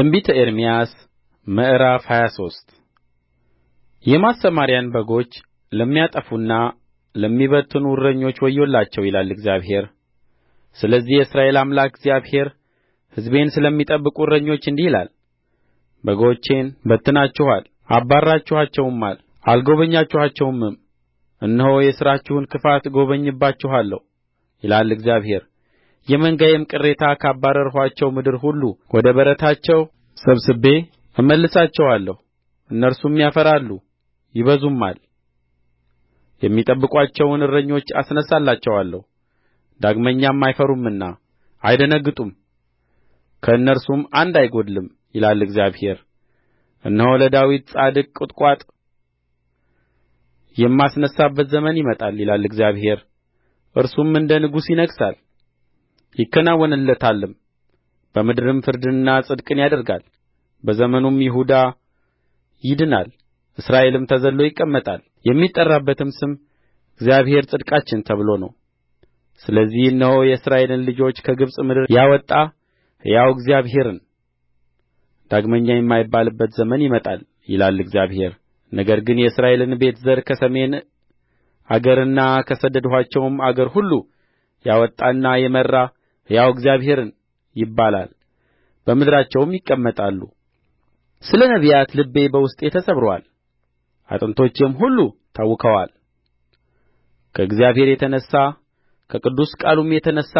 ትንቢተ ኤርምያስ ምዕራፍ ሃያ ሶስት የማሰማርያን በጎች ለሚያጠፉና ለሚበትኑ እረኞች ወዮላቸው ይላል እግዚአብሔር ስለዚህ የእስራኤል አምላክ እግዚአብሔር ሕዝቤን ስለሚጠብቁ እረኞች እንዲህ ይላል በጎቼን በትናችኋል አባርራችኋቸውማል አልጐበኛችኋቸውምም እነሆ የሥራችሁን ክፋት እጐበኝባችኋለሁ ይላል እግዚአብሔር የመንጋዬም ቅሬታ ካባረርኋቸው ምድር ሁሉ ወደ በረታቸው ሰብስቤ እመልሳቸዋለሁ እነርሱም ያፈራሉ ይበዙማል የሚጠብቋቸውን እረኞች አስነሣላቸዋለሁ ዳግመኛም አይፈሩምና አይደነግጡም ከእነርሱም አንድ አይጐድልም ይላል እግዚአብሔር እነሆ ለዳዊት ጻድቅ ቍጥቋጥ የማስነሣበት ዘመን ይመጣል ይላል እግዚአብሔር እርሱም እንደ ንጉሥ ይነግሣል ይከናወንለታልም በምድርም ፍርድንና ጽድቅን ያደርጋል በዘመኑም ይሁዳ ይድናል እስራኤልም ተዘልሎ ይቀመጣል የሚጠራበትም ስም እግዚአብሔር ጽድቃችን ተብሎ ነው ስለዚህ እነሆ የእስራኤልን ልጆች ከግብጽ ምድር ያወጣ ሕያው እግዚአብሔርን ዳግመኛ የማይባልበት ዘመን ይመጣል ይላል እግዚአብሔር ነገር ግን የእስራኤልን ቤት ዘር ከሰሜን አገርና ከሰደድኋቸውም አገር ሁሉ ያወጣና የመራ ሕያው እግዚአብሔርን ይባላል በምድራቸውም ይቀመጣሉ ስለ ነቢያት ልቤ በውስጤ ተሰብሮአል አጥንቶቼም ሁሉ ታውከዋል ከእግዚአብሔር የተነሣ ከቅዱስ ቃሉም የተነሣ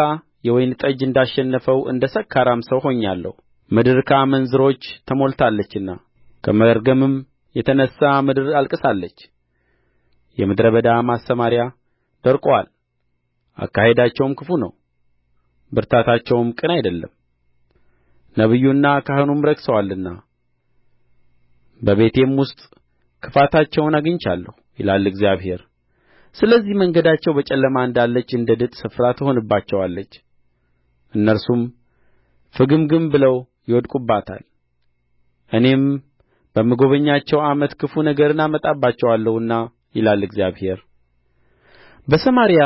የወይን ጠጅ እንዳሸነፈው እንደ ሰካራም ሰው ሆኛለሁ ምድር ከአመንዝሮች ተሞልታለችና ከመርገምም የተነሣ ምድር አልቅሳለች የምድረ በዳ ማሰማርያ ደርቆአል አካሄዳቸውም ክፉ ነው ብርታታቸውም ቅን አይደለም ነቢዩና ካህኑም ረክሰዋልና በቤቴም ውስጥ ክፋታቸውን አግኝቻለሁ ይላል እግዚአብሔር ስለዚህ መንገዳቸው በጨለማ እንዳለች እንደ ድጥ ስፍራ ትሆንባቸዋለች እነርሱም ፍግምግም ብለው ይወድቁባታል እኔም በምጐበኛቸው ዓመት ክፉ ነገርን አመጣባቸዋለሁና ይላል እግዚአብሔር በሰማርያ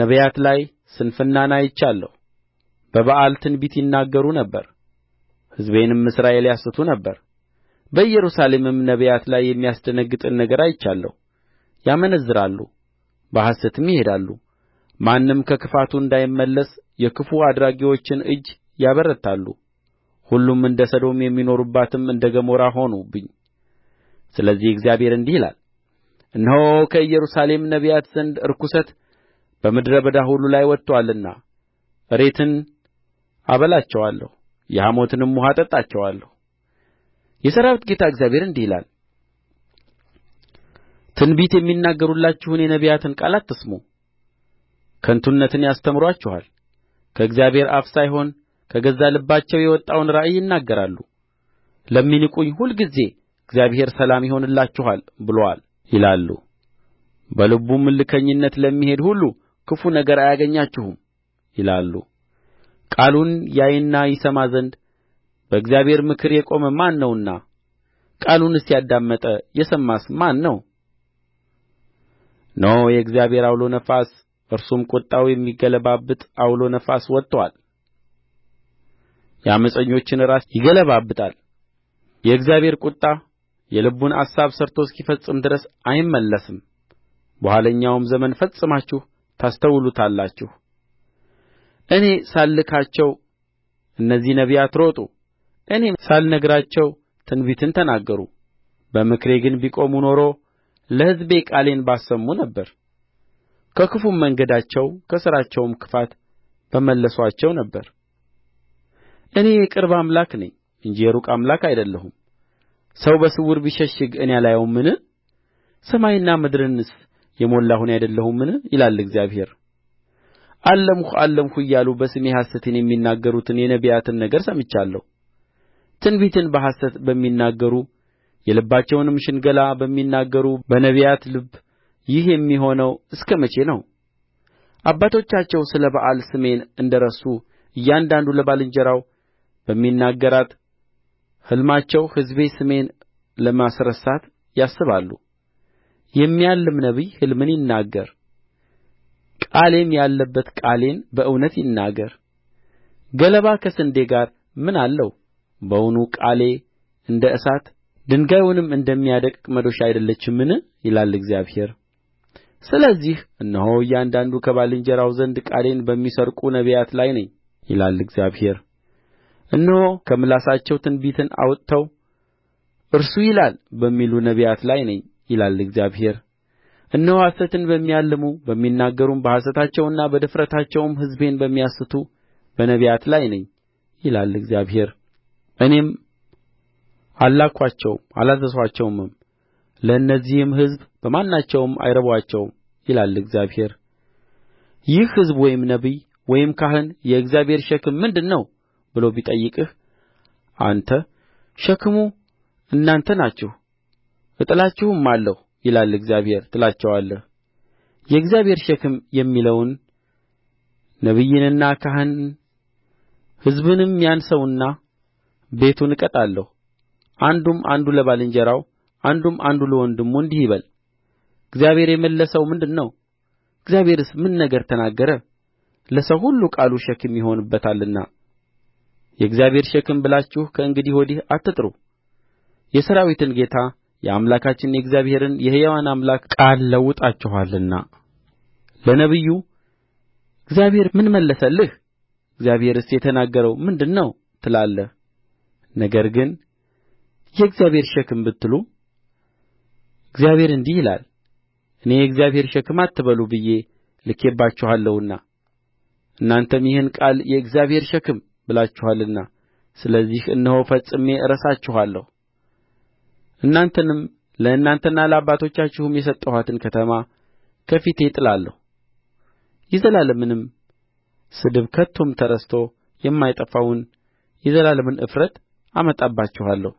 ነቢያት ላይ ስንፍናን አይቻለሁ በበኣል ትንቢት ይናገሩ ነበር ሕዝቤንም እስራኤል ያስቱ ነበር በኢየሩሳሌምም ነቢያት ላይ የሚያስደነግጥን ነገር አይቻለሁ ያመነዝራሉ በሐሰትም ይሄዳሉ ማንም ከክፋቱ እንዳይመለስ የክፉ አድራጊዎችን እጅ ያበረታሉ ሁሉም እንደ ሰዶም የሚኖሩባትም እንደ ገሞራ ሆኑብኝ ስለዚህ እግዚአብሔር እንዲህ ይላል እነሆ ከኢየሩሳሌም ነቢያት ዘንድ ርኵሰት በምድረ በዳ ሁሉ ላይ ወጥቶአልና እሬትን አበላቸዋለሁ የሐሞትንም ውኃ አጠጣቸዋለሁ የሠራዊት ጌታ እግዚአብሔር እንዲህ ይላል ትንቢት የሚናገሩላችሁን የነቢያትን ቃል አትስሙ ከንቱነትን ያስተምሩአችኋል ከእግዚአብሔር አፍ ሳይሆን ከገዛ ልባቸው የወጣውን ራእይ ይናገራሉ ለሚንቁኝ ሁልጊዜ እግዚአብሔር ሰላም ይሆንላችኋል ብሎአል ይላሉ በልቡም እልከኝነት ለሚሄድ ሁሉ ክፉ ነገር አያገኛችሁም ይላሉ ቃሉን ያይና ይሰማ ዘንድ በእግዚአብሔር ምክር የቆመ ማን ነውና ቃሉንስ ያዳመጠ የሰማስ ማን ነው እነሆ የእግዚአብሔር ዐውሎ ነፋስ እርሱም ቍጣው የሚገለባብጥ ዐውሎ ነፋስ ወጥቶአል የዓመፀኞችን ራስ ይገለባብጣል የእግዚአብሔር ቍጣ የልቡን አሳብ ሠርቶ እስኪፈጽም ድረስ አይመለስም በኋለኛውም ዘመን ፈጽማችሁ ታስተውሉታላችሁ እኔ ሳልልካቸው እነዚህ ነቢያት ሮጡ እኔም ሳልነግራቸው ትንቢትን ተናገሩ በምክሬ ግን ቢቆሙ ኖሮ ለሕዝቤ ቃሌን ባሰሙ ነበር ከክፉም መንገዳቸው ከሥራቸውም ክፋት በመለሱአቸው ነበር እኔ የቅርብ አምላክ ነኝ እንጂ የሩቅ አምላክ አይደለሁም ሰው በስውር ቢሸሽግ እኔ አላየውምን ሰማይና ምድርንስ የሞላሁ እኔ አይደለሁምን ይላል እግዚአብሔር አለምሁ አለምሁ እያሉ በስሜ ሐሰትን የሚናገሩትን የነቢያትን ነገር ሰምቻለሁ ትንቢትን በሐሰት በሚናገሩ የልባቸውንም ሽንገላ በሚናገሩ በነቢያት ልብ ይህ የሚሆነው እስከ መቼ ነው አባቶቻቸው ስለ በኣል ስሜን እንደ ረሱ እያንዳንዱ ለባልንጀራው በሚናገራት ሕልማቸው ሕዝቤ ስሜን ለማስረሳት ያስባሉ የሚያልም ነቢይ ሕልምን ይናገር ቃሌም ያለበት ቃሌን በእውነት ይናገር ገለባ ከስንዴ ጋር ምን አለው በውኑ ቃሌ እንደ እሳት ድንጋዩንም እንደሚያደቅቅ መዶሻ አይደለችምን ይላል እግዚአብሔር ስለዚህ እነሆ እያንዳንዱ ከባልንጀራው ዘንድ ቃሌን በሚሰርቁ ነቢያት ላይ ነኝ ይላል እግዚአብሔር እነሆ ከምላሳቸው ትንቢትን አውጥተው እርሱ ይላል በሚሉ ነቢያት ላይ ነኝ ይላል እግዚአብሔር እነሆ ሐሰትን በሚያልሙ በሚናገሩም በሐሰታቸውና በድፍረታቸውም ሕዝቤን በሚያስቱ በነቢያት ላይ ነኝ ይላል እግዚአብሔር እኔም አልላክኋቸውም አላዘዝኋቸውምም ለእነዚህም ሕዝብ በማናቸውም አይረባቸውም ይላል እግዚአብሔር ይህ ሕዝብ ወይም ነቢይ ወይም ካህን የእግዚአብሔር ሸክም ምንድር ነው ብሎ ቢጠይቅህ አንተ ሸክሙ እናንተ ናችሁ እጥላችሁማለሁ ይላል እግዚአብሔር ትላቸዋለህ የእግዚአብሔር ሸክም የሚለውን ነቢይንና ካህንን ሕዝብንም ያን ሰውና ቤቱን እቀጣለሁ አንዱም አንዱ ለባልንጀራው አንዱም አንዱ ለወንድሙ እንዲህ ይበል እግዚአብሔር የመለሰው ምንድር ነው እግዚአብሔርስ ምን ነገር ተናገረ ለሰው ሁሉ ቃሉ ሸክም ይሆንበታልና የእግዚአብሔር ሸክም ብላችሁ ከእንግዲህ ወዲህ አትጥሩ የሠራዊትን ጌታ የአምላካችንን የእግዚአብሔርን የሕያውን አምላክ ቃል ለውጣችኋልና ለነቢዩ እግዚአብሔር ምን መለሰልህ እግዚአብሔርስ የተናገረው ምንድር ነው ትላለህ ነገር ግን የእግዚአብሔር ሸክም ብትሉ እግዚአብሔር እንዲህ ይላል እኔ የእግዚአብሔር ሸክም አትበሉ ብዬ ልኬባችኋለሁና እናንተም ይህን ቃል የእግዚአብሔር ሸክም ብላችኋልና ስለዚህ እነሆ ፈጽሜ እረሳችኋለሁ እናንተንም ለእናንተና ለአባቶቻችሁም የሰጠኋትን ከተማ ከፊቴ እጥላለሁ የዘላለምንም ስድብ ከቶም ተረስቶ የማይጠፋውን የዘላለምን እፍረት አመጣባችኋለሁ